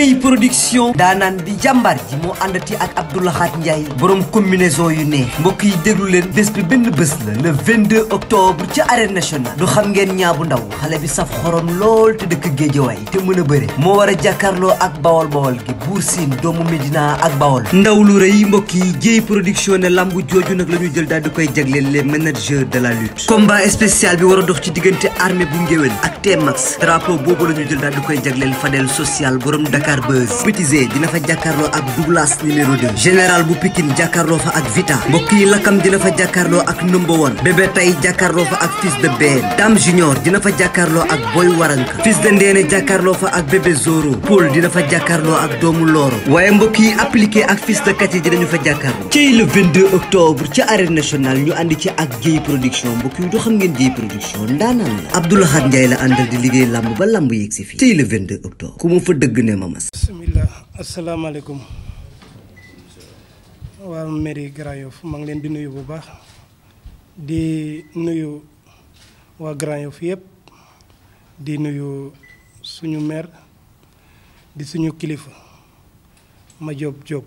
Guèye production daanaan di jàmbar ji moo àndati ak Abdoulahat Ndiaye borom combinaison yu neex mbokk yi déglu leen bés bi benn bés la le 22 octobre ci arène nationale du xam ngeen ñaabu ndaw xale bi saf xorom lool te dëkk géejawaay te mën a bëre moo war a jàkkaarloo ak bawol bawol gi buur siin doomu Medina ak bawol ndaw lu rëy mbokk yi Guèye production ne lambu jooju nag la ñu jël daal di koy jagleel lee managers de la lutte combat spécial bi war a dox ci diggante armée bu ngéwél ak T-Max drapeau boobu la ñu jël daal di koy jagleel Fadel social borom Dakar Dakar Buzz Petit Zé dina fa jàkkaarloo ak Douglas numéro 2 général bu Pikine jàkkaarloo fa ak Vita mbokk yi dina fa jàkkaarloo ak number one bébé tay jàkkaarloo fa ak fils de Ben Dame Junior dina fa jàkkaarloo ak Boy Waranka fils de Ndéene jàkkaarloo fa ak bébé Zoro Paul dina fa jàkkaarloo ak doomu Loro waaye mbokk yi ak fils de Kati dinañu fa jàkkaarloo ci le 22 octobre ci arène nationale ñu ànd ci ak Dieye production mbokk du xam ngeen Dieye production bismillah asalaamaaleykum waa mairie Grand Yoff maa ngi leen di nuyu bu baax di nuyu waa Grand Yoff yëpp di nuyu suñu maire di suñu kilifa ma Diop Diop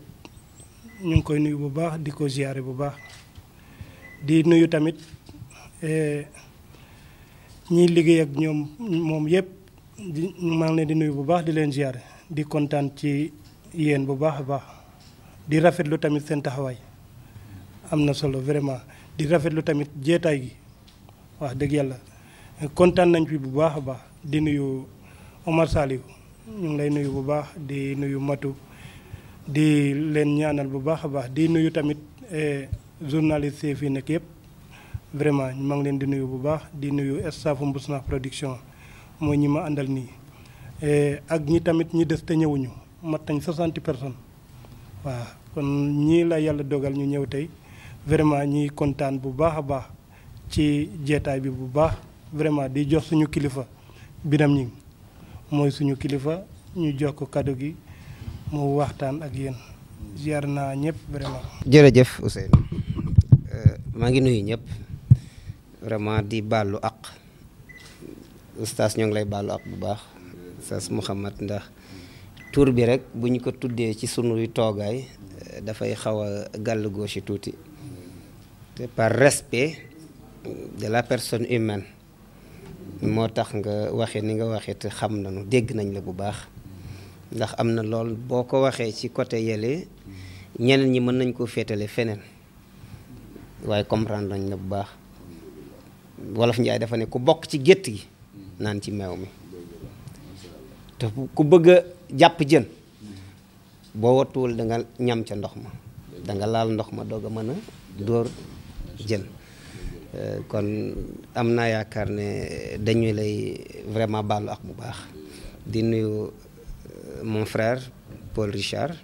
ñu ngi koy nuyu bu baax di ko ziyaare bu baax di nuyu tamit eh, ñiy liggéey ak ñoom moom yëpp di maa leen di nuyu bu baax di leen ziyaare di kontaan ci yéen bu baax a baax di rafetlu tamit seen taxawaay am na solo vraiment di rafetlu tamit jeetaay gi wax dëgg yàlla kontaan nañ fi bu baax a baax di nuyu Omar Saliou ñu ngi lay nuyu bu baax di nuyu Matu di leen ñaanal bu baax a baax di nuyu tamit eh, journaliste yi fii nekk yëpp vraiment maa ngi leen di nuyu bu baax di nuyu staffu Mbousnakh production mooy ñi ma àndal nii. Eh, ak ñi tamit ñi des te ñëwuñu mat nañ 60 personnes waaw kon ñii la yàlla dogal ñu ñëw tey vraiment ñi kontaan bu baax a baax ci jeetaay bi bu baax vraiment di jox suñu kilifa Biram Ñing mooy suñu kilifa ñu jox ko kàddu gi mu waxtaan ak yéen ziar naa ñëpp vraiment. jërëjëf Ousseynou euh, maa ngi nuyu ñëpp vraiment di baalu ak oustaz ñoo ngi lay baalu ak bu baax. sas Muhammad ndax tur bi rek bu ñu ko tuddee ci sunuy toogaay eh, dafay xaw a gàll goosi tuuti te par respect de la personne humaine moo tax nga waxee ni nga waxee te xam nañu dégg nañ la bu baax ndax am na lool boo ko waxee ci côté yële ñeneen ñi mën nañ koo féetalee feneen waaye comprendre nañ la bu baax wolof njaay dafa ne ku bokk ci gétt gi naan ci meew mi te ku bëgg a jàpp jën boo wattuwul danga ñam ca ndox ma da nga laal ndox ma doog a mën a dóor jën euh, kon am naa yaakaar ne dañu lay vraiment baalu ak bu baax di nuyu euh, mon frère Paul Richard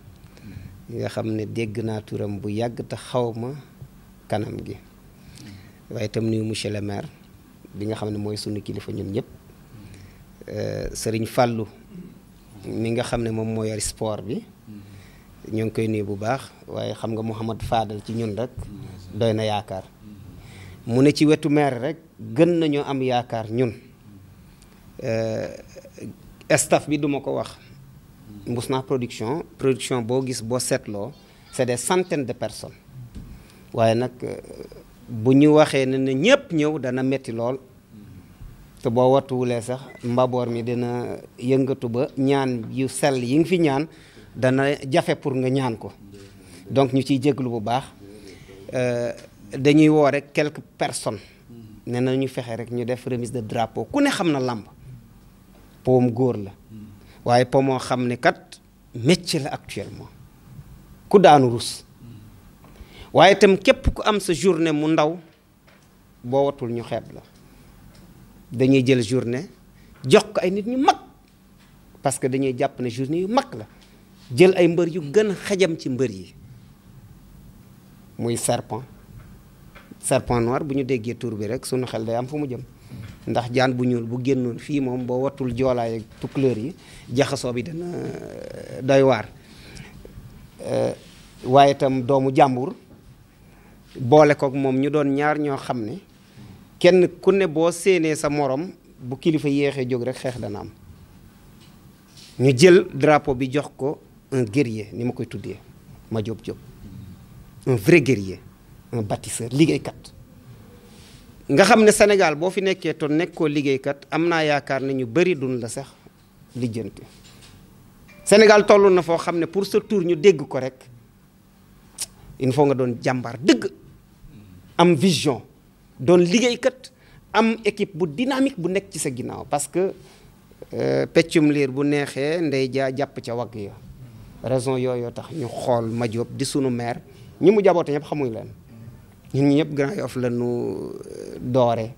nga xam ne dégg naa turam bu yàgg te xaw ma kanam gi waaye tam nuyu monsieur le maire bi nga xam ne mooy sunu kilifa ñun ñëpp Euh, sëriñ Fàllu mi nga xam ne moom moo yor sport bi ñoo ngi koy nuyu bu baax waaye xam nga Mouhamad Fadal ci ñun rek doy na yaakaar mu ne ci wetu maire rek gën nañu am yaakaar ñun euh, staff bi duma ko wax naa production production boo gis boo seetloo c'est des centaines de personnes waaye nag euh, bu ñu waxee ne ne ñëpp ñëw dana metti lool te boo wattuwulee sax mbaboor mi dina yëngatu ba ñaan yu sell yi nga fi ñaan dana jafe pour nga ñaan ko donc ñu ciy jéglu bu baax euh, dañuy woo rek quelques personnes nee na ñu fexe rek ñu def remise de drapeau ku ne xam na làmb powum góor la waaye po moo xam ne kat métier la actuellement ku daanu rus waaye tam képp ku am sa journée mu ndaw boo watul ñu xeeb la dañuy jël journée jox ko ay nit ñu mag parce que dañuy jàpp ne journée yu mag la jël ay mbër yu gën a xajam ci mbër yi muy serpent serpent noir bu ñu déggee tur bi rek sunu xel day am fu mu jëm ndax jaan bu ñuul bu génnoon fii moom boo wattul joolaay ak tukkuleur yi jaxasoo bi dana euh, doy waar euh, waaye itam doomu jàmbur boole kook moom ñu doon ñaar ñoo xam ne kenn ku ne boo séenee sa moroom bu kilifa yéexee jóg rek xeex dana am ñu jël drapeau bi jox ko un guerrier ni ma koy tuddee ma jóob jóob un vrai guerrier un bâtisseur liggéeykat nga xam ne Sénégal boo fi nekkee toon nekkoo liggéeykat am naa yaakaar ne ñu bëri dun la sax lijjanti Sénégal toll na foo xam ne pour sa tour ñu dégg ko rek il faut nga doon jàmbar dëgg am vision doon liggéeykat am équipe bu dynamique bu nekk ci sa ginnaaw parce que euh, peccum liir bu neexee ndey jàpp ca wagg ya raison yooyu tax ñu xool Madiop di suñu maire ñi mu jaboote ñëpp xamuñ leen ñun ñëpp Grand Yoff la ñu euh, doore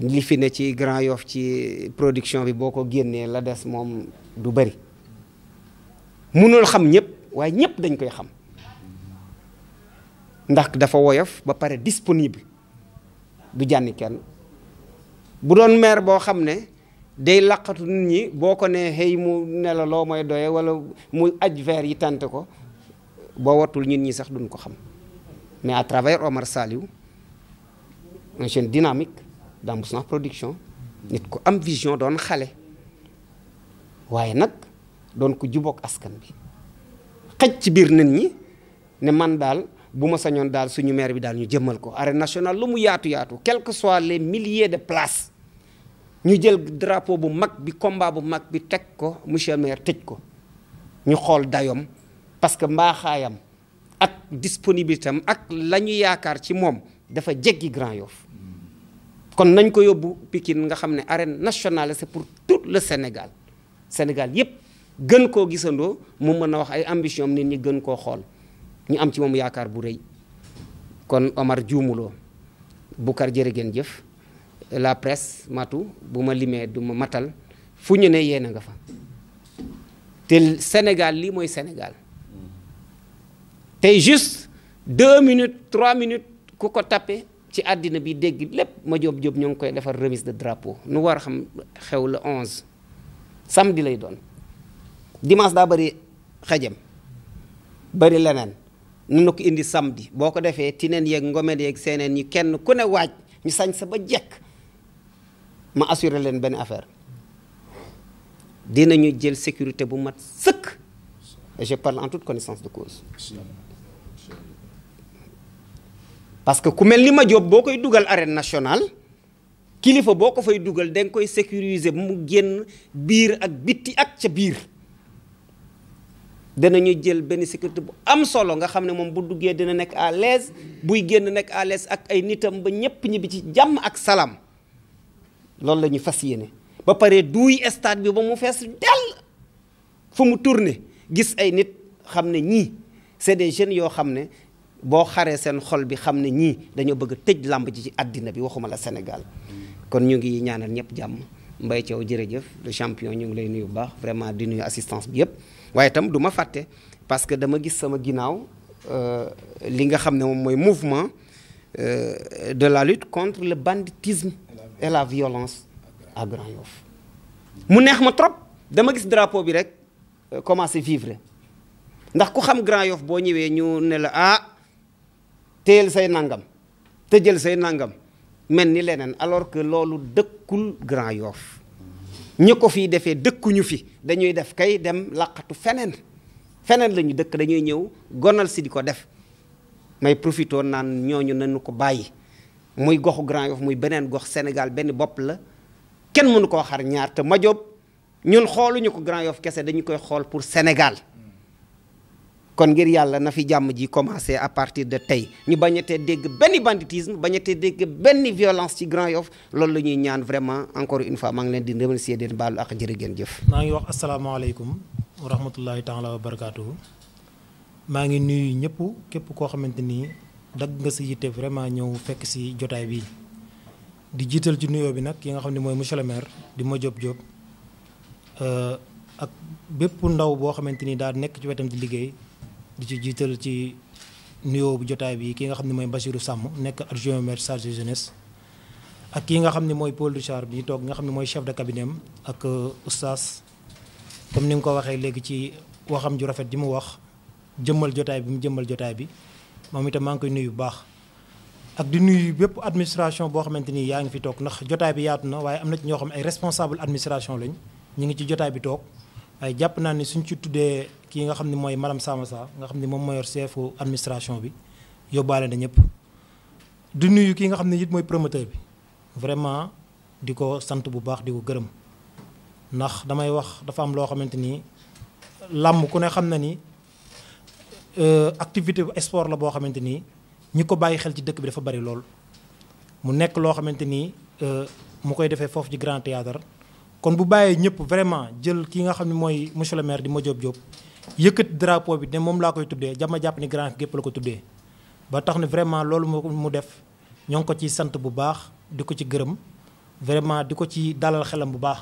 li fi ne ci Grand Yoff ci production bi boo ko génnee la des moom du bëri mënul xam ñëpp waaye ñëpp dañ koy xam ndax dafa woyof ba pare disponible du jànni kenn bu doon maire boo xam ne day laqatu nit ñi boo ko nee xëy mu ne loo mooy doye wala mu aj veer yi tante ko boo wattul nit ñi sax duñ ko xam mais à travers Omar Saliou un jeune dynamique dans Mbousnakh Production nit ku am vision doon xale waaye nag doon ko jubook askan bi xaj ci biir nit ñi ne man daal bu ma ñoon daal suñu maire bi daal ñu jëmmal ko arène national lu mu yaatu yaatu quel que soit les milliers de places ñu jël drapeau bu mag bi combat bu mag bi teg ko monsieur maire tëj ko ñu xool dayoom parce que mbaaxaayam ak disponibilité am ak la ñu yaakaar ci moom dafa jéggi Grand Yoff kon nañ ko yóbbu Pikine nga xam ne arène nationale c'est pour tout le Sénégal Sénégal yépp gën koo gisandoo mu mën a wax ay ambition am nit ñi gën koo xool ñu am ci moom yaakaar bu rëy kon Omar juumuloo Boucar jërëgeen jëf la presse matu bu ma limee du ma matal fu ñu ne yéen a nga fa te Sénégal lii mooy Sénégal tey juste deux minutes trois minutes ku ko tappe ci àddina bi dégg lépp ma jóob jóob ñoo ngi koy defar remise de drapeau nu war a xam xew la onze di lay doon dimanche daa bëri xajam bëri leneen na ko indi samedi boo ko defee tineen yeeg ngomeel yeeg seeneen ñi kenn ku ne waaj ñu sañ sa ba jekk ma assuré leen benn affaire dinañu jël sécurité bu mat sëkk et je parce que ku mel ni ma jóob boo koy dugal arène national kilifa boo ko fay dugal danga koy koy sécuriser mu génn biir ak bitti ak ca biir danañu jël benn sécurité bu am solo nga xam ne moom bu duggee dina nekk à l'aise buy génn nekk à l'aise ak ay nitam ba ñëpp ñibbi ci jàmm ak salaam loolu lañuy ñu fas yéene. ba pare duuy stade bi ba mu fees dell fu mu tourné gis ay nit xam ne ñii c'est des jeunes yoo xam ne boo xaree seen xol bi xam ne ñii dañoo bëgg a tëj làmb ji ci àddina bi waxuma la Sénégal kon ñu ngi ñaanal ñëpp jàmm Mbaye Thiaw jërëjëf le champion ñu ngi lay nuyu bu baax vraiment di nuy assistance bi yëpp. waaye itam du ma fàtte parce que dama gis sama ginnaaw euh, li nga xam ne moom mooy mouvement euh, de la lutte contre le banditisme et la violence à Grand Yoff mu neex ma trop dama gis drapeau bi rek euh, commencé vivre ndax ku xam Grand Yoff boo ñëwee ñu ne la ah téyel say nangam tëjël say nangam mel ni leneen alors que loolu dëkkul Grand yoof ñu ko fii defee dëkkuñu fi dañuy def kay dem laqatu feneen feneen la ñu dëkk dañuy ñëw gonal si di ko def may profité naan ñooñu nanu ko bàyyi muy goxu Grand Yoff muy beneen gox Sénégal benn bopp la kenn mënu koo xar ñaar te job ñun xooluñu ko Grand Yoff kese dañu koy xool pour Sénégal kon ngir yàlla na fi jàmm ji commencé à partir de tey ñu bañatee dégg benn banditisme bañatee dégg benn violence ci Grand Yoff loolu la ñuy ñaan vraiment encore une fois maa ngi di remercier den baalu ak jërë ngeen jëf. maa ngi wax asalaamaaleykum wa rahmatullahi taala wa barakaatuhu maa ngi nuyu ñëpp képp koo xamante ni dagg nga sa yitte vraiment ñëw fekk si jotaay bi di jiital ci nuyoo bi nag yi nga xam ne mooy monsieur le maire di ma Diop Diop euh, ak bépp ndaw boo xamante ni daa nekk ci liggéey. di ci jiital ci nuyoo bu jotaay bi ki nga xam ne mooy Bassirou Sàmm nekk adjoint maire chargé jeunesse ak ki nga xam ne mooy Paul Richard bi toog nga xam ne mooy chef de cabinet ak euh, oustaz comme ni nga ko waxee léegi ci waxam ju rafet di mu wax jëmmal jotaay bi mu jëmmal jotaay bi moom itam maa koy nuyu bu baax. ak di nuyu bépp administration boo xamante ni yaa ngi fi toog ndax jotaay bi yaatu na waaye am na ci ñoo xam ay responsable administration lañ ñu ngi ci jotaay bi toog kii nga xam ne mooy madame Samassa nga xam ne moom moo yor chef administration bi yóbbaale na ñëpp di nuyu kii nga xam ne it mooy promoteur bi vraiment di ko sant bu baax di ko gërëm ndax damay wax dafa am loo xamante ni làmm ku ne xam na ni euh, activité bu sport la boo xamante ni ñi ko bàyyi xel ci dëkk bi dafa bari lool mu nekk loo xamante ni euh, mu koy defee foofu ci grand théâtre kon bu bàyyee ñëpp vraiment jël kii nga xam ne mooy monsieur le maire di Madiop Diop yëkkati drapeau bi de moom laa koy tuddee jama jàpp ni grand gépp la ko tuddee ba tax na vraiment loolu moo mu def ñoo ngi ko ci sant bu baax di ko ci gërëm vraiment di ko ci dalal xelam bu baax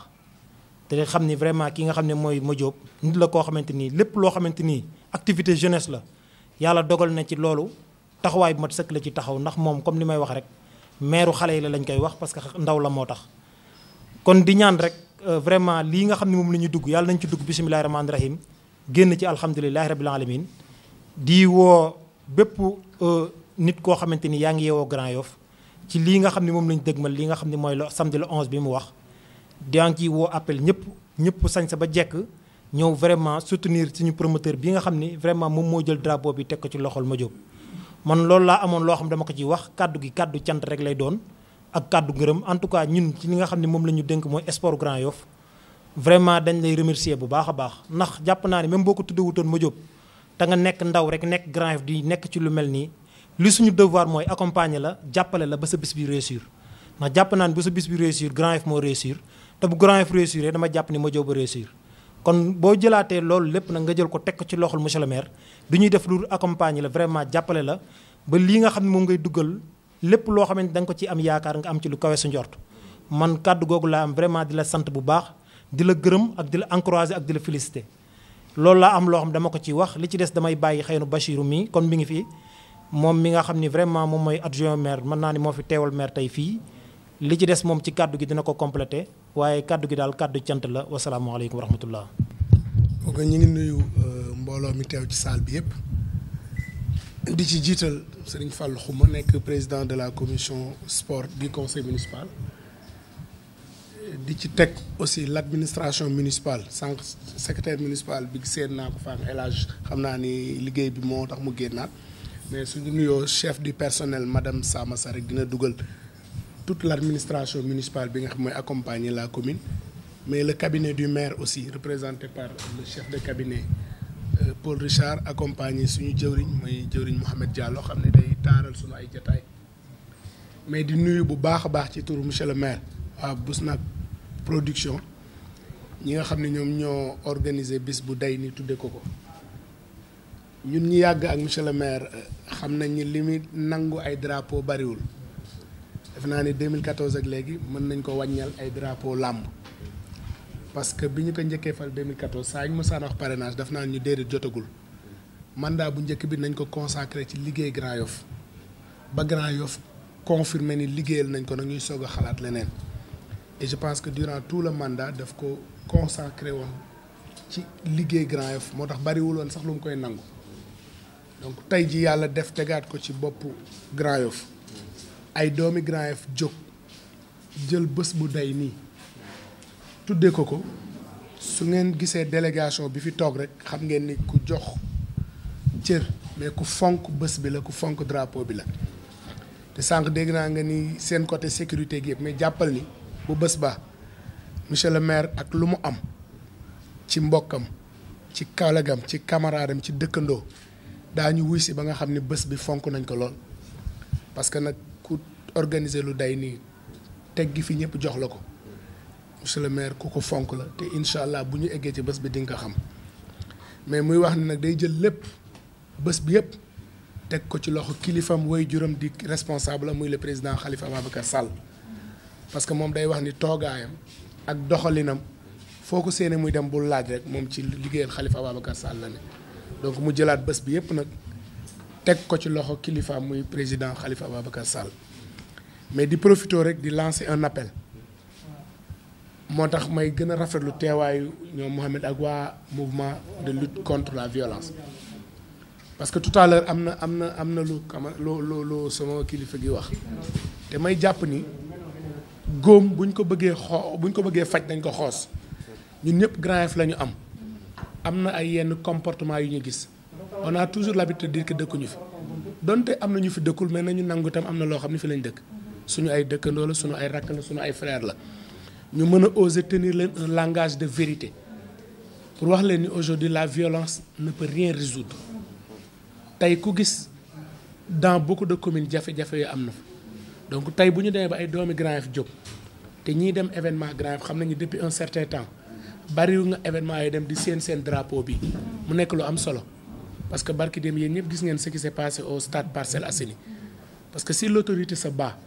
te xam ni vraiment ki nga xam ne mooy ma jóg nit la koo xamante nii lépp loo xamante nii activité jeunesse la yàlla dogal na ci loolu taxawaay bu mat sëkk la ci taxaw ndax moom comme li may wax rek meeru xale yi la lañ koy wax parce que ndaw la moo tax kon di ñaan rek euh, vraiment lii nga xam ne moom la ñu dugg yàlla nañ ci dugg bisimilahi rahmaani rahim génn ci alhamdulilahi rabil alamin di woo bépp euh, nit koo xamante ni yaa ngi yeewoo Grand Yoff ci lii nga xam ne moom lañ dëgmal li nga xam ni mooy le samedi le 11 bi mu wax daa ngi ciy woo appel ñëpp ñëpp sañ sa ba jekk ñëw vraiment soutenir suñu promoteur bi nga xam ne vraiment moom moo jël drapeau bi teg ko ci loxol ma jóg man loolu laa amoon loo xam dama ko ciy wax kàddu gi kàddu cant rek lay doon ak kàddu ngërëm en tout cas ñun ci li nga xam ne moom la ñu dénk mooy sport Grand vraiment dañ lay remercier bu baax a baax ndax jàpp naa ne même boo ko tuddee wutoon ma jóg te nga nekk ndaw rek nekk grand di nekk ci lu mel nii li suñu devoir mooy accompagner la jàppale la ba sa bis bi réussir ndax jàpp naa ne ba sa bis bi réussir grand F moo réussir te bu grand F réussir dama jàpp ni ma jóg ba kon boo jëlaatee loolu lépp nag nga jël ko teg ko ci loxol monsieur le maire du ñuy def lu accompagner la vraiment jàppale la ba lii nga xam ne moom ngay duggal lépp loo xamante da ko ci am yaakaar nga am ci lu kawe su njort man kàddu googu laa vraiment di la sant bu baax. di la gërëm ak di la encourager ak di la féliciter loolu laa am loo xam dama ko ci wax li ci des damay bàyyi xëy na Bachirou mii kon mi ngi fi moom mi nga xam ni vraiment moom mooy adjoint maire mën naa ni moo fi teewal maire tey fii li ci des moom ci kàddu gi dina ko complété waaye kàddu gi daal kàddu cant la wasalaamaaleykum wa rahmatullah ok ñu ngi nuyu euh, mbooloo mi ci salle bi yëpp di ci jiital Serigne Fall Xuma nekk président de la commission sport du conseil municipal di ci teg aussi l' administration municipale sànq secrétaire municipal bi seen naa ko faan élage xam naa ni liggéey bi moo tax mu génnaat mais suñu nuyoo chef du personnel madame Sama Sarr rek dina dugal toute l' administration municipale bi nga xam mooy accompagner la commune mais le cabinet du maire aussi représenté par le chef de cabinet euh, Paul Richard accompagné suñu jëwriñ mooy jëwriñ Mouhamed Diallo xam ne day taaral suñu ay jataay mais di nuyu bu baax a baax ci tour monsieur le maire waaw nag production ñi nga xam ne ñoom ñoo organiser bis bu day ni tudde ko ko ñun ñi yàgg ak monsieur le maire euh, xam nañ ni li muy nangu ay drapo bariwul def naa ni 2014 ak léegi mën nañ ko wàññal ay drapeau làmp parce que bi ñu ko njëkkee fal 2014 saa ñu mosaan wax parrainage daf naa ñu déedéet jotagul mandat bu njëkk bi nañ ko consacré ci liggéey Grand Yoff ba Grand Yoff confirmé ni liggéeyal nañ ko nag ñuy soog a xalaat leneen et je pense que durant tout le mandat daf ko consacré woon ci liggéey Grand Yoff moo tax bariwul sax lu mu koy nangu donc tey ji yàlla def tegaat ko ci boppu Grand Yoff ay doomi Grand Yoff jóg jël bës bu day nii tuddee ko ko su ngeen gisee délégation bi fi toog rek xam ngeen ni ku jox cër mais ku fonk bés bi la ku fonk drapeau bi la te sànq dégg naa nga ni seen côté sécurité gi yëpp mais jàppal ni bu bés ba monsieur le maire ak lu mu am ci mbokkam ci kaalagam ci camaradam ci dëkkandoo daañu wuy si ba nga xam ni bés bi fonk nañ ko lool parce que nag ku organiser lu day nii teggi fi ñëpp jox la ko monsieur le maire ku ko fonk la te incha allah bu ñu eggee ci bés bi di nga ko xam mais muy wax ni nag day jël lépp bés bi yëpp teg ko ci loxo kilifam woy juram di responsable muy le président xalifa Ababacar Sall parce que moom day wax ni toogaayam ak doxalinam foo ko séenee muy dem bul laaj rek moom ci liggéeyal Khalifa Ababacar Sall la ne donc mu jëlaat bés bi yëpp nag teg ko ci loxo kilifa muy président Khalifa Ababacar Sall mais di profité rek di lancer un appel moo tax may gën a rafetlu teewaayu ñoom Mohamed ak waa mouvement de lutte contre la violence parce que tout am na am na am na lu lu lu sama kilifa gi wax te may jàpp ni. góom buñ ko bëggee xoo buñ ko bëggee faj dañ ko xoos ñun ñëpp Grand Yoff la ñu am am na ay yenn comportement yu ñu gis on a toujours l'habitude de dire que dëkkuñu fi donte am na ñu fi dëkkul mais nañu nangu tam am na loo xam ne fi lañu dëkk suñu ay dëkkandoo la suñu ay rakk la suñu ay frère la ñu mën a oser tenir leen un langage de vérité pour wax leen ni aujourd'hui la violence ne peut rien résoudre tey ku gis dans bokk de commune jafe-jafe yu am na fa donc tey bu ñu demee ba ay doomi Grand Yoff dem événement Grand xam nañu depuis un certain temps bariwu nga événement yi dem di seen seen drapeau bi mu nekk lu am solo parce que barki dem yéen ñëpp gis ngeen ce qui s'est passé au stade Parcelles Assainies parce que si l'autorité se bat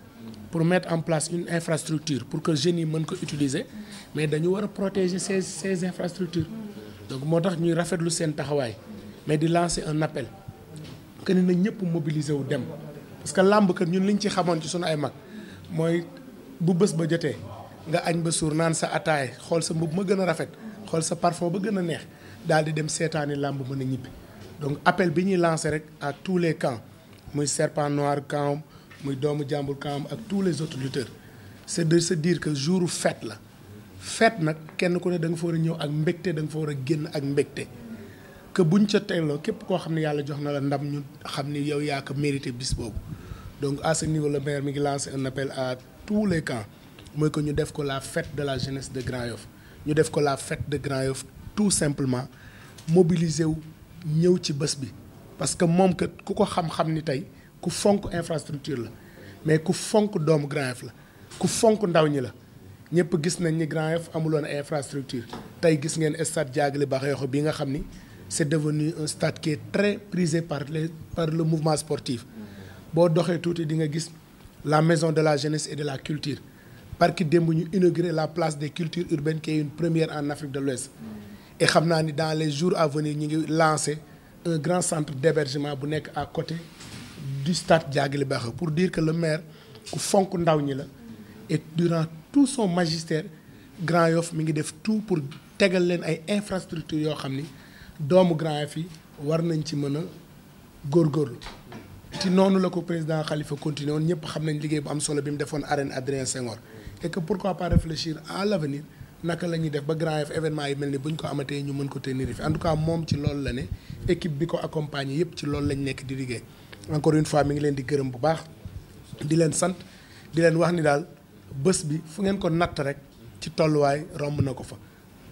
pour mettre en place une infrastructure pour que jeunes yi mën ko utiliser mais dañu war a protéger ces ces infrastructures donc moo tax ñuy rafetlu seen taxawaay mais di lancer un appel que ne ñëpp mobiliser wu dem parce que làmb kat ñun ñu ci xamoon ci sunu ay mag mooy bu bés ba jotee nga añ ba suur naan sa ataay xool sa mbub ma gën a rafet xool sa parfum ba gën a neex daal di dem seetaani làmb mën a ñibbi donc appel bi ñuy lancé rek à tous les camps muy serpent noir camp muy doomu jàmbur camp ak tous les autres lutteurs c'est de diir dire que jouru fet la fet nag kenn ku ne da nga fa war a ñëw ak mbégte da nga fa war a génn ak mbegte que buñ ca teeloo képp koo xam ne yàlla jox na la ndam ñu xam ni yow yaa ko mérité bis boobu donc à niveau le maire mi ngi lancé un appel à tous les camps mooy que ñu def ko la fête de la jeunesse de Grand Yoff ñu def ko la fête de Grand Yoff tout simplement mobiliser wu ñëw ci bés bi parce que moom kat ku ko xam-xam ni tey ku fonk infrastructure la mais ku fonk doomu Grand Yoff la ku fonk ndaw ñi la ñëpp gis nañ ni Grand Yoff amuloon infrastructure tey gis ngeen stade Diaglé Bakhayokho bi nga xam ni c'est devenu un stade qui est très prisé par les par le mouvement sportif boo doxee tuuti di nga gis la maison de la jeunesse et de la culture parce que démb ñu inauguré la place des cultures urbaines qui une première en Afrique de l'Ouest et xam naa ni dans les jours à venir ñu ngi lancer un grand centre d'hébergement bu nekk à côté du stade baax Bakha pour dire que le maire ku fonk ndaw ñi la et durant tout son magistère Grand Yoff mi ngi def tout pour tegal leen ay infrastructures yoo xam ni doomu Grand Yoff yi war nañ ci mën a góorgóorlu ci noonu la ko président xalifa continué woon ñëpp xam nañ liggéey bu am solo bi mu defoon arène Adrien Senghor et que pourquoi pas réfléchir à l'avenir naka la ñuy def ba Grand Yoff événement yi mel ni bu ñu ko amatee ñu mën ko tenir fi en tout cas moom ci loolu la ne équipe ko accompagner yëpp ci loolu lañ nekk di liggéey encore une fois mi ngi leen di gërëm bu baax di leen sant di leen wax ni daal bës bi fu ngeen ko natt rek ci tolluwaay romb na ko fa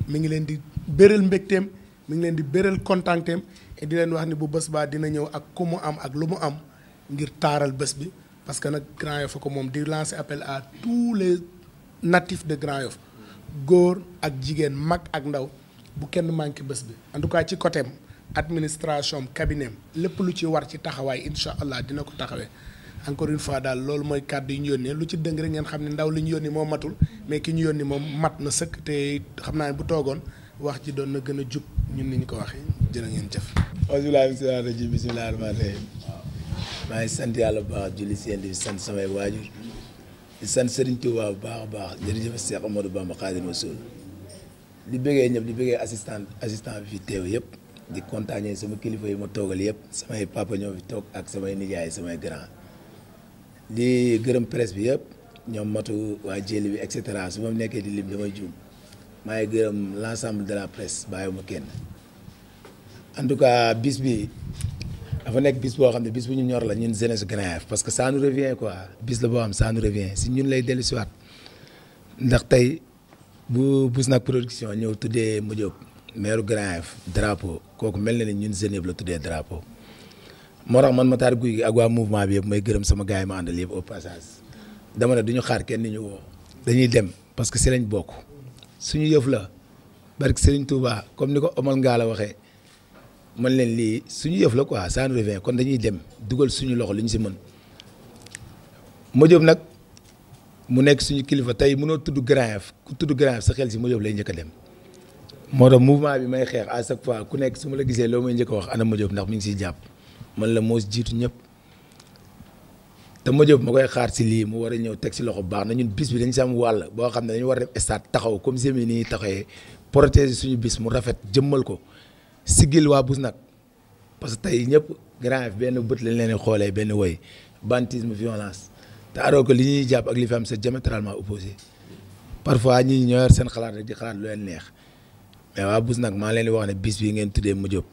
mi ngi leen di béral mbégteem mi ngi leen di béral kontaanteem et di leen wax ni bu bës baa dina ñëw ak ku mu am ak lu mu am ngir taaral bés bi parce que nag Grand Yoff ko moom di lancer appel à tous les natifs de Grand Yoff góor ak jigéen mag ak ndaw bu kenn manqué bés bi en tout cas ci côté administration cabinet lépp lu ci war ci taxawaay incha allah dina ko taxawee encore une fois daal loolu mooy kàddu yi ñu yónnee lu ci dëng rek ngeen xam ne ndaw li ñu yónni moo matul mais ki ñu yónni moom mat na sëkk xam naa ne bu toogoon wax ji doon na gën a jub ñun ni ñu ko waxee jërë ngeen jëf. bisimilah bisimilah rahmaani rahiim. maa ngi sant yàlla bu baax julli seen di sant samay waajur di sant Serigne Touba bu baax baax a baax jërëjëf Cheikh Amadou Bamba ma Rasul li bëggee ñëpp li bëggee assistant assistant bi fi teew yëpp di kontaanee sama kilifa yi ma toogal yëpp samay papa ñoo fi toog ak samay nijaay samay grand di gërëm presse bi yëpp ñoom matu waa jëli bi et cetera su ma nekkee di lim damay juum. maa ngi gërëm l' ensemble de la presse bàyyiwuma kenn en tout cas bis bi dafa nekk bis boo xam ne bis bu ñu ñor la ñun jeunesse Grand-Yoff parce que ça nous revient quoi bis la boo xam ça nous revient si ñun lay dellu siwaat ndax tey bu Bousnak production ñëw tuddee mu Diop maire Grand-Yoff drapeau kooku mel na ni ñun jeunes yëpp la tuddee drapeau moo tax man Matar Gueye gi ak waa mouvement bi yëpp may gërëm sama gars yi ma àndal yëpp au passage dama ne du ñu xaar kenn ni ñu woo dañuy dem parce que si lañ bokk. suñu yëf la barke Serigne Touba comme ni ko Omar Ngalla waxee man leen lii suñu yëf la quoi ça nous revient kon dañuy dem dugal suñu loxo li ñu si mën Madiop nag mu nekk suñu kilifa tey mënoo tudd Grand ku tudd Grand Yoff sa si Madiop lay njëkk a dem moo tax mouvement bi a xeex à ku nekk su ma la gisee loo may njëkk a wax ana Madiop ndax mi ngi siy jàpp man la moo jiitu ñëpp. te ma jëb ma koy xaar si lii mu war a ñëw teg si loxo baax na ñun bis bi dañ si am wàll boo xam ne dañu war a def stade taxaw comme semi nii taxawee protéger suñu bis mu rafet jëmmal ko sigil waa bus nag parce que tey ñëpp grand F benn bët lañ leen xoolee benn woy bantisme violence te alors que li ñuy jàpp ak li fi am c'est diamétralement opposé parfois ñi ñoo yor seen xalaat rek xalaat lu leen neex mais waa bus nag maa leen di wax ne bis bii ngeen tuddee ma jëb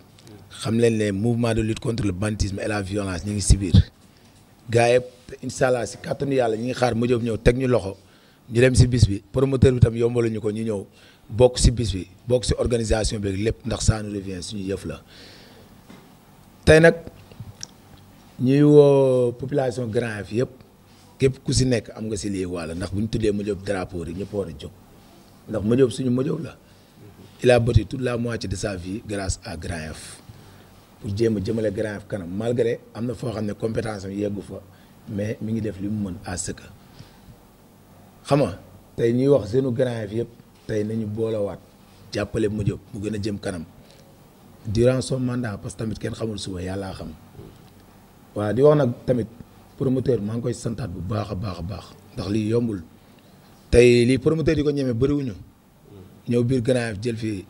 xam leen ne mouvement de contre le la violence ñu ngi si biir gars yi incha allah si kàttanu yàlla ñi ngi xaar ma ñëw teg ñu loxo ñu dem si bis bi promoteur bi tam yombalu ñu ko ñu ñëw bokk si bis bi bokk si organisation bi lépp ndax ça nous revient suñu yëf la tey nag ñu woo population Grand Yoff yëpp képp ku si nekk am nga si lii wàll ndax bu ñu tuddee ma jóob drapeau yi ñëpp war a jóg ndax ma suñu ma jóob la il tout bâti mois la de sa vie grace à Grand Yoff pour jéem a jëmale Grand kanam malgré am na foo xam ne compétence am yeggu fa mais mi ngi def li mu mën à ce que xam nga tey ñuy wax seenu Grand yëpp tey nañu boolewaat jàppale mu mu gën a jëm kanam durant son mandat parce que tamit kenn xamul suba yàllaa xam waaw di wax nag tamit promoteur maa ngi koy santaat bu baax a baax a baax ndax lii yombul tey lii promoteur yi ko ñemee bëriwuñu ñëw biir Grand jël fii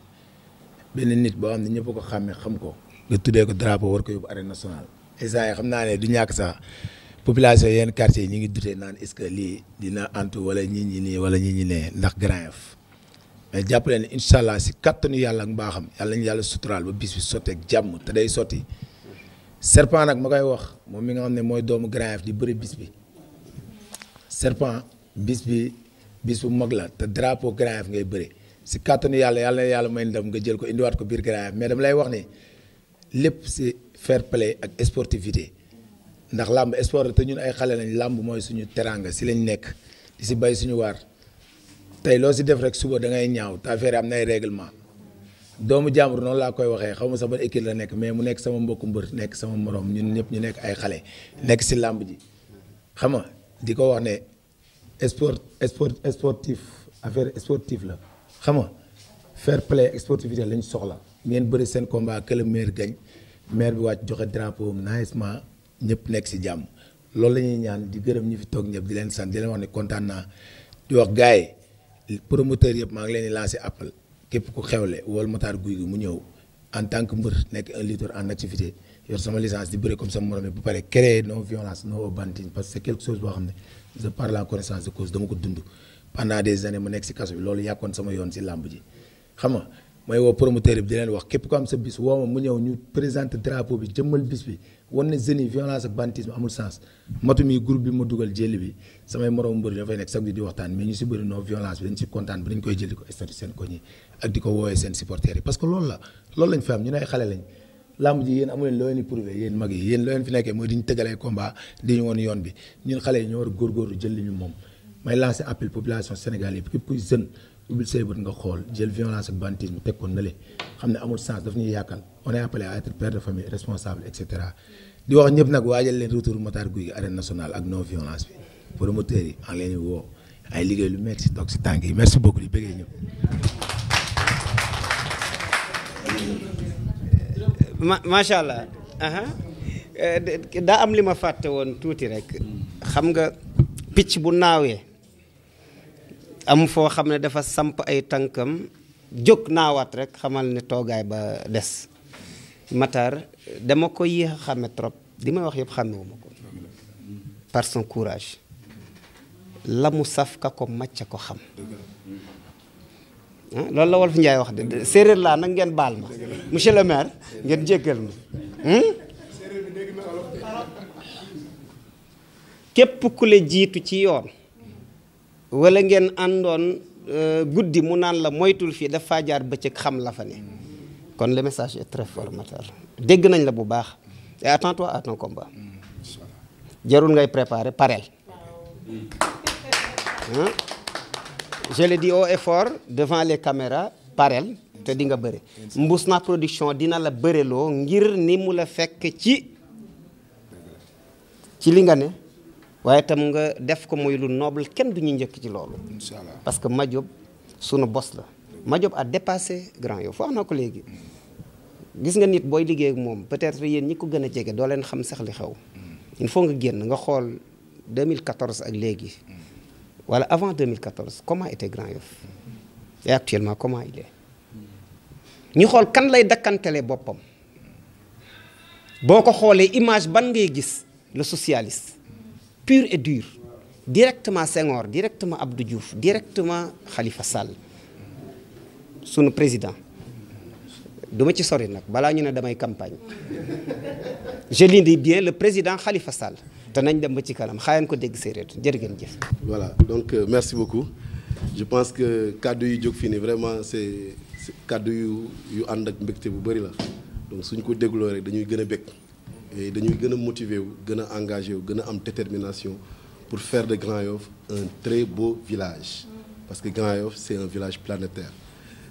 benn nit boo xam ne ñëpp ko xàmmee xam ko nga tuddee ko drapeau war ko yóbbu arène nationale instant yi xam naa ne du ñàkk sax population yenn quartier yi ñu ngi dutee naan est que lii dina antu wala ñi ñi nii wala ñi ñi nee ndax Grand Yoff jàpp leen incha allah si kattanu yàlla ak mbaaxam yàlla nañu yàlla suturaal ba bis bi sotteeg jàmm te day sotti serpent nag ma koy wax moom mi nga xam ne mooy doomu Grand Yoff di bëri bis bi serpent bis bi bis bu mag la te drapeau Grand Yoff ngay bëri si kattanu yàlla yàlla na yàlla may ndam nga jël ko indiwaat ko biir Grand Yoff mais dama lay wax ni lépp si fair play ak sportivité ndax làmb sport te ñun ay xale lañ làmb mooy suñu teraanga si lañu nekk di si bay suñu waar tey loo si def rek suba da ngay ñaaw te affaire am na ay doomu jàmbur noonu laa koy waxee xaw ma sax ban équipe la nekk mais mu nekk sama mbokku mbër nekk sama moroom ñun ñëpp ñu nekk ay xale nekk si làmb ji xam nga di ko wax ne sport sport sportif affaire sportive la xam nga fair play sportivité lañ soxla. ngeen bëri seen combat que le maire gagne maire bi wàcc joxe drapeau am naajement ñëpp nekk si jàmm loolu la ñuy ñaan di gërëm ñu fi toog ñëpp di leen sant di leen wax ne kontaan naa di wax gars yi promoteur yëpp maa ngi leen di lancé appel képp ku xewle wala Matar Guy gi mu ñëw en tant que mbër nekk un lutteur en activité yor sama licence di bëri comme sa morom yi ba pare créer non violence non banditisme parce que c'est quelque chose boo xam ne je parle en connaissance ko dund pendant des années mu nekk si kaso bi loolu yàkkoon si làmb ji xam mooy wow promoteur bi di leen wax képp ko am sa bis woo ma mu ñëw ñu présenter drapeau bi jëmmal bis bi wan ne jeunes yi violence ak banditisme amul sens matu mi bi ma dugal jëli bi samay moroom mbëri dafay nekk chaque jour di waxtaan mais ñu si bëri non violence bi dañ si kontaan bi dañ koy jël di ko statut seen koñ yi ak di ko woowee seen supporters yi parce que loolu la loolu lañ fi am ñu ne xale lañ làmb ji yéen amu leen yi yéen loo leen fi mooy di ñu tëgalee combat di ñu woon jël li ñu moom may lancer appel population sénégalaise képp ubbil say bët nga xool jël violence ak banditisme xam ne amul sens ñuy yàqal on est appelé di wax ñëpp nag waajal leen retour Matar Gueye arène nationale ak non yi en woo ay liggéey lu metti si toog si tànk yi merci beaucoup di euh, ma macha allah. Euh, daa am li ma fàtte woon tuuti rek. xam nga picc bu naawee. am foo xam ne dafa samp ay tànkam jóg naawaat rek xamal ne toogaay ba des Matar dama ko yéex a xàmme trop di may wax yëpp xàmmewuma ko par que courage la mu saf ka ko màcc ko xam ah, loolu la Wolof Njaay wax de séeréer laa nag ngeen baal ma monsieur le maire ngeen jéggal ma hmm? képp ku jiitu ci yoon wala ngeen àndoon euh, guddi mu naan la moytul fii daf faa jaar bëccëg xam la fa ne kon le message est très formateur dégg nañ la bu baax et attends-toi jarul ngay préparer pareel je le dis haut devant les caméras pareel te dinga nga bëre mbuus na production dina la bëreloo ngir ni mu la fekk ci ci li nga ne waaye itam nga def ko muy lu noble kenn du ñu njëkk ci loolu. incha parce que Madiop sunu bos la. Madiop a dépassé Grand Yoff wax na ko léegi. gis nga nit booy liggéey ak moom peut-être yéen ñi ko gën a jege doo leen xam sax li xew. Mm. il faut nga génn nga xool 2014 ak léegi. Mm. wala avant 2014 comment était Grand Yoff. Mm. et actuellement comment il est. ñu xool kan lay dakkantelee boppam. boo ko xoolee image ban ngay gis le socialiste. pure et dure directement Senghor directement Abdou Diouf directement Khalifa Sall sunu président duma ci sori nag balaa ñu ne damay campagne je le dis bien le président xalifa Sall te nañ dem ba ci kanam xaayaan ko dégg séeréer jërë ngeen jëf. voilà donc euh, merci beaucoup je pense que kàddu yu jóg fii nii vraiment c'est kàddu yu yu ànd ak mbégte bu bari la donc suñ ko dégloo rek dañuy gën a bég et dañuy gën a motiver wu gën a engagé wu gën a am détermination pour faire de Grand Yoff un très beau village parce que Grand Yoff c'est un village planétaire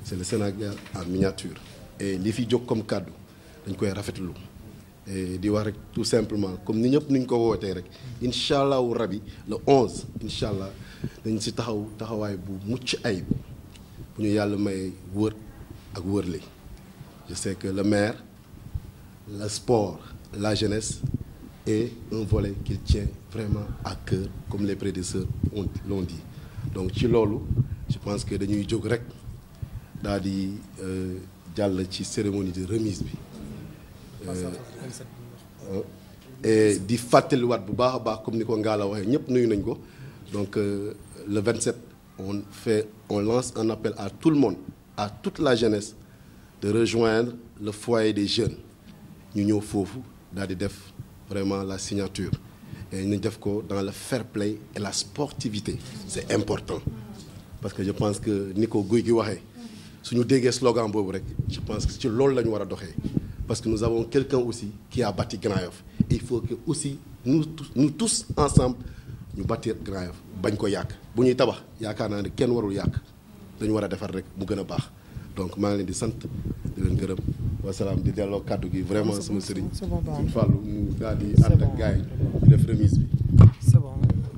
c'est le Sénégal en miniature et li fi jox comme kàddu dañ koy rafetlu e di wax rek tout simplement comme ni ñëpp ni ñu ko wootee rek incha allahu rabi le onze incha allah dañ si taxaw taxawaay bu mucc ayib bu ñu yàlla may wër ak wërle je sais que le maire la sport la jeunesse est un volet qu'il vraiment à comme les prédécesseurs l'ont dit donc ci loolu je pense que dañuy jóg rek daal di euh, jàll ci cérémonie de remise bi euh, ah, et di fàttaliwaat bu baax a baax comme ni ko Ngalla waxee ñëpp nuyu nañ ko donc euh, vingt 27 on fait on lance un appel à tout le monde à toute la jeunesse de rejoindre le foyer des jeunes ñu ñëw foofu daal di def vraiment la signature et ñu def ko dans le fair play et la sportivité c'est important parce que je pense que ni ko guy gi waxee suñu déggee slogan boobu rek je pense que ci loolu la war a doxee parce que nous avons quelqu'un aussi qui a bâti Grand Yoff il faut que aussi nous nous tous ensemble ñu bâtir Grand Yoff bañ ko yàq bu ñuy tabax yaakaar naa ne kenn warul yàq dañu war a defar rek mu gën a baax donc maa ngi leen di sant di leen gërëm salaam di delloo kàddu gi vraiment sama sëriñ suñ fàllu mu daal di ànd ak gars yi def bi